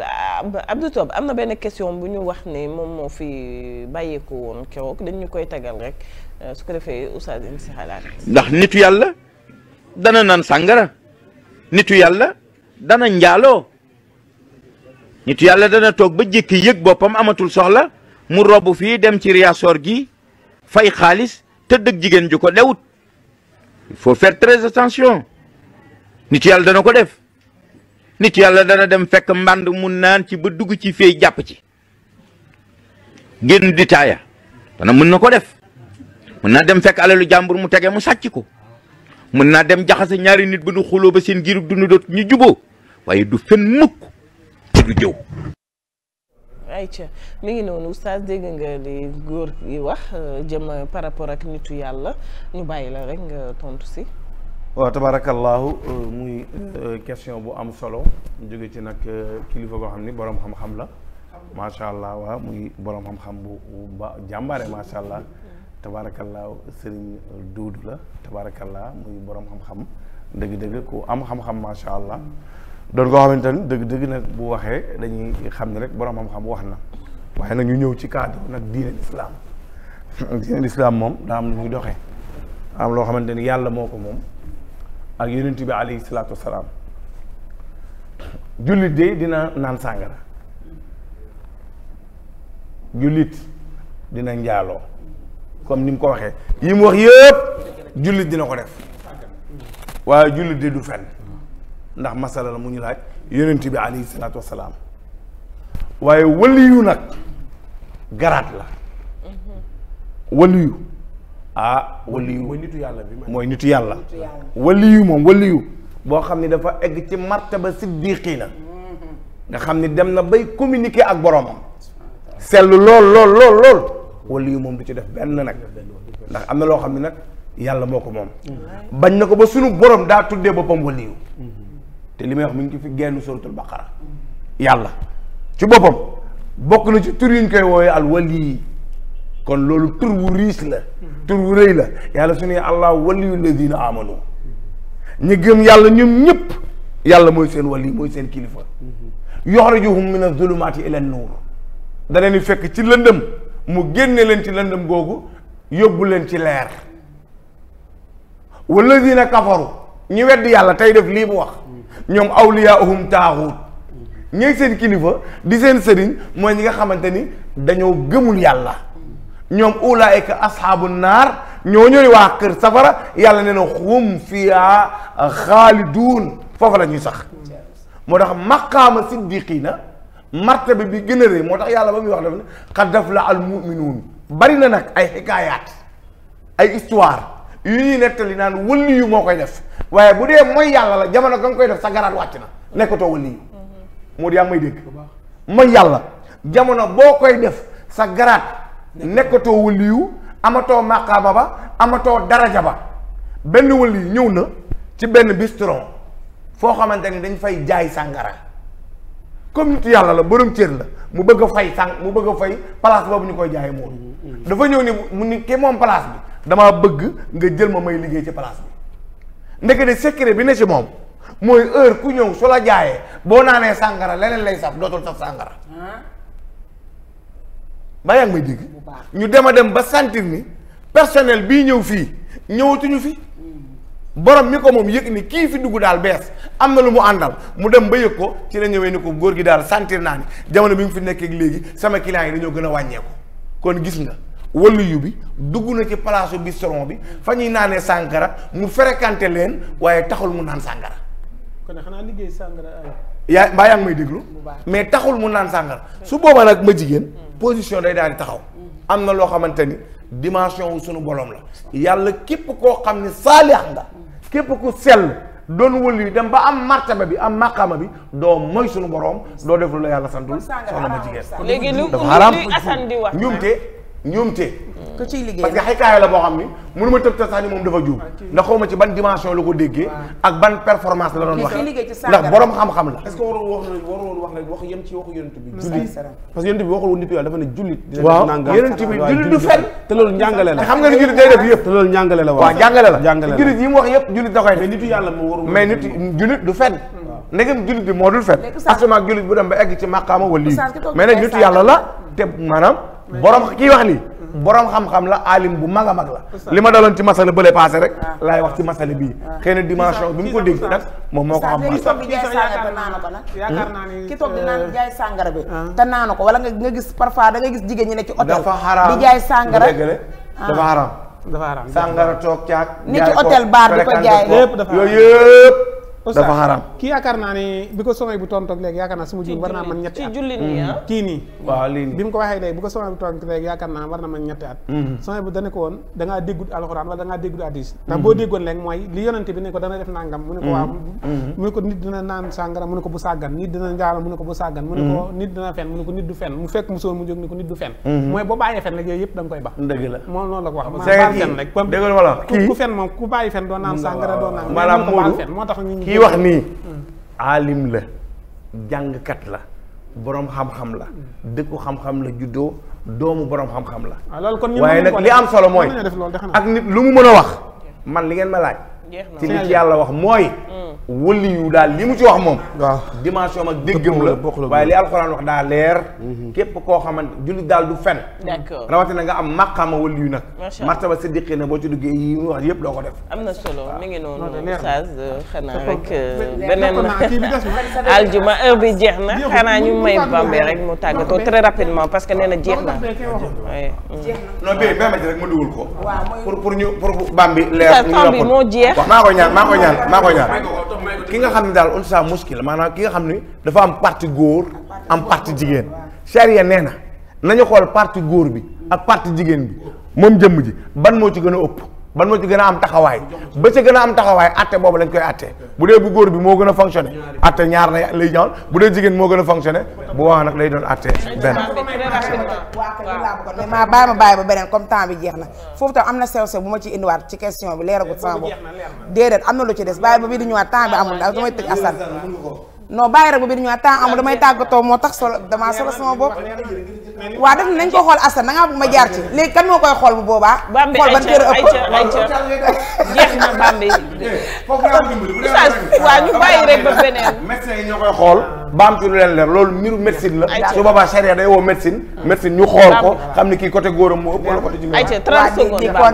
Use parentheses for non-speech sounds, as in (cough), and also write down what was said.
Abdou Top am na benn question bu ñu wax ne moom moo fi bàyyeeku woon keroog dañ ñu koy tagal rek euh, su ko defee oustaz im si xalaat. ndax nitu yàlla dana naan sàngara nitu yàlla dana njaaloo nitu yàlla dana toog ba jékki yëg boppam amatul soxla mu robb fii dem ci riyaasoor gi fay xaalis te jigéen ju ko dewut il faut faire très attention nitu yàlla dana ko def. nit yàlla dana dem fekk mbànd mu naan ci ba dugg ci fee jàpp ci génn di taaya dana mën na ko def mën naa dem fekk alalu jàmbur mu tege mu sàcc ko mën naa dem jaxase ñaari nit ba nu xuloo ba seen giirub dund doot ñu juboo waaye du fen mukk te du jëw ayca ngi noonu oustaz dégg nga li góor yi wax euh, jëm euh, par rapport ak nitu yàlla ñu bàyyi la rek nga tontu si waaw tabaarakallaahu euh, muy euh, question bu am solo jóge ci nag euh, kilifa goo xam ni boroom xam-xam la macha allah waa muy boroom xam-xam bu ba jàmbaare macha allah tabaarakallaahu sëriñ duud la tabaarakallah muy boroom xam-xam dëgg-dëgg ku am xam-xam macha allah doon koo xamante ni dëgg-dëgg nag bu waxee dañuy xam ne rek boroom xam-xam wax na waaye nag ñu ñëw ci cadre nag diine lislaam (laughs) diine lislaam moom daa am lu muy doxee am loo xamante ni yàlla moo ko moom ak yonent bi alayhi salaatu wasalaam jullit de dina naan sàngara jullit dina njaaloo comme ni mu ko waxee yi mu wax yëpp jullit dina ko def waaye jullit de du fen ndax masala la mu ñu laaj yonent bi alayhi salaatu wasalaam waaye waliyu nag garaat la mhm. waliyu ah waliyu mooy nitu yàlla bi mooy nitu yàlla waliyu moom waliyu boo xam ne dafa egg ci martaba siddiqiina mm-hmm. nga xam ne dem na bay communiquer ak boromam seetlu lool lool lool lool moom du ci def benn nag ndax am na loo xam ne nag yàlla moo ko moom mm-hmm. bañ na ko ba sunu borom daa tuddee boppam waliyu mm-hmm. te li may wax mu ngi fi genn suratul baqara yàlla ci boppam bokk na ci tur yuñ koy woowee al wali kon loolu tur wu riis la tur wu rëy la yàlla su ne allah waliyu ladina amanu ñu gëm yàlla ñoom ñëpp yàlla mooy seen wali mooy seen kilifa yoxrijuhum min azulumaati ila nuur da leen fekk ci lëndëm mu génne leen ci lëndëm googu yóbbu leen ci leer walladina kafaru ñi wedd yàlla tey def lii mu wax ñoom awliyaahum taaxuut ñooy seen kilifa di seen sëriñ mooy ñi nga xamante ni dañoo gëmul yàlla ñoom ulaayka naar ñoo ñëri waa kër safara yàlla nee na hum fiha xaaliduun foofu la ñuy sax moo tax maqaama siddiqiina martaba bi gën a moo tax yàlla ba muy wax dafa ne qad aflaha al muminuun na nag ay xikaayaat ay histoire yu ñuy nettali naan wëlli yu moo koy def waaye bu dee mooy yàlla la jamono ga nga koy def sa garaat wàcc na nekkatoo wëlli yu mm-hmm. moo di yaa may dégg mooy yàlla jamono boo koy def sa garaat nekkatoo waliyu amatoo maqaama ba amatoo daraja ba benn waliyu ñëw na ci benn bistron foo xamante ni dañ fay jaay sàngara comme nit yàlla la borom cër la mu bëgg a fay sàng mu bëgg a fay place boobu ñu koy jaayee moom mm, mm, mm. dafa ñëw ni mu ni ki moom place bi damaa bëgg nga jël ma may liggéey ci place bi ndekete secret bi ne si moom mooy heure ku ñëw su la jaayee boo naanee sàngara leneen lay saf dootul saf sàngara ah. mbaa yaa ngi may dégg ñu dem a dem ba sentir ni personnel bii ñëw fii ñëwatuñu fi borom mi ko moom yëg ni kii fi dugg daal bees am na lu mu àndal mu dem ba yëg ko ci la ñëwee ni ko góor gi daal sentir naa ni jamono bi mu fi nekkee léegi sama client yi dañoo gën a wàññeeku kon gis nga wallu yu bi dugg na ci palaasu bi bi fa ñuy naanee sànkara mu fréquenté leen waaye taxul mu naan sàngara kon xanaa liggéey sàngara yaa mbaa yaa may déglu mais taxul mu naan sàngara su boobaa nag ma jigéen position day daal di taxaw am na loo xamante ni dimension wu sunu boroom la yàlla képp koo xam ne saalix nga képp ku sell doon wël yi dem ba am martaba bi am maqama bi doo mooy sunu boroom doo def lu la yàlla santul soxna ma jigéen léegi lu lu Assane di wax njuumte njuumte ku ciy liggéey parce que xikaaya la boo xam ni mënu ma tëb te sax ni moom dafa juub ah, ndax xaw ci ban dimension la ko déggee ak ban performance la ndax borom xam-xam la est-ce que waroon wax jullit du fen te loolu njàngale la xam nga ni jullit day def yëpp te loolu njàngale la waaw njàngale la jullit yi mu wax yëpp jullit da koy nit jullit du fen ndegam jullit bi moo dul fen asama jullit bu dem ba egg ci maqaama wala lii mais nag nitu yàlla la te borom xam-xam la alim bu mag a mag la. li ma daloon ci masala bële paase rek. Ah. laay wax ci masala bii. Ah. xëy na bi mu ko dégg nag moo ko xam. Hmm? ki toog di jaay sàngara te naanu ko nag. ki toog di naan jaay sàngara bi. Ah. te naanu ko wala nga gis parfois da nga gis jigéen ñi ne ci hôtel. di jaay sàngara dafa xaraam. dafa xaraam sàngara toog caag. jaay ko fréquenté ko yooyu yëpp. dafa xaram kii yaakaar naa ne bi ko somay bu tontoog léegi yaakaar naa su ma jur war naa man ñetti at ci julli nii ah. kii nii waaw lii nii bi mu ko waxee léegi bi ko somay bu tontoog léegi yaakaar naa war na man ñetti at mhm. somay bu dane ko woon da ngaa déggut alxuraan wala da ngaa déggut addis mhm. ndax boo déggoon léegi mooy li yonente bi ne ko dana def nangam mu ne ko waaw mhm. mu ne ko nit dina naan sàngara mu ne ko bu sàggan nit dina njaalo mu ne ko bu sàggan mu ne ko nit dina fen mu ne ko nit du fen mu fekk mu sóor mu jóg ne ko nit du fen mooy boo bàyyee fen rek yooyu yëpp da nga koy bax dëgg la moom noonu la ko wax baal fen rek dëgg la wala ku fen moom ku bàyyi fen doo naan sàngara doo naan maanaam moo tax kii wax nii aalim la jàngkat la boroom xam-xam la dëkku xam-xam la juddoo doomu boroom xam-xam la ah, waaye nag li am solo mooy ak nit lu mu mën a wax man li ngeen ma laaj ci li ci yàlla wax mooy mm. wëli yu daal li mu ci wax moom waaw dimension ak déggam la waaye li alxuraan wax daa leer mm-hmm. képp koo xamante jullit daal du fen d'accord rawatina nga am maqaama ma yu nag martaba siddiqi na boo ci duggee yi mu wax yëpp doo ko def am na solo mi ngi noonu Oustaz euh, xanaa rek euh, beneen (laughs) aljuma heure bi jeex na xanaa ñu may bambe rek mu tàggatoo très rapidement parce que nee na jeex na mm. non bii ba ma ko pour pour ñu leer temps jeex wax maa koy ñaan maa koy maa koy ñaan ki nga xam ne daal on sa muskil maanaam ki nga xam ne dafa am parti góor am parti jigéen charia nee na nañu xool parti góor bi ak parti jigéen bi moom jëmm ji ban moo ci gën a ëpp ban moo ci gën a am taxawaay ba ca gën a am taxawaay atte boobu lañ koy atte bu dee bu góor bi moo gën a fonctionné atte ñaar na lay ñaan bu dee jigéen moo gën a fonctionné bu wax nag lay doon atte benn mais maa bàyyi ba beneen comme temps bi jeex na foofu tam am na sew sew bu ma ci indiwaat ci question bi leeragut sama bopp déedéet am na lu des bàyyi ba bii di ñëwaat temps bi amul daal damay tëj moo tax solo damaa solo sama bopp waa def nañ ko xool Assane da ngaa bëgg ma jaar ci ah, léegi kan moo koy xool bu boobaa. xool ban kër ëpp jeex na Bambey. (laughs) Eh, ba beneen. Ah, médecin yi ñoo koy xool. baam ci lu leen leer loolu mbiru médecine la. su boobaa charia day woo médecine. médecine ñu xool ko xam ni kii côté góoram moo ëpp wala côté. ayca 30 secondes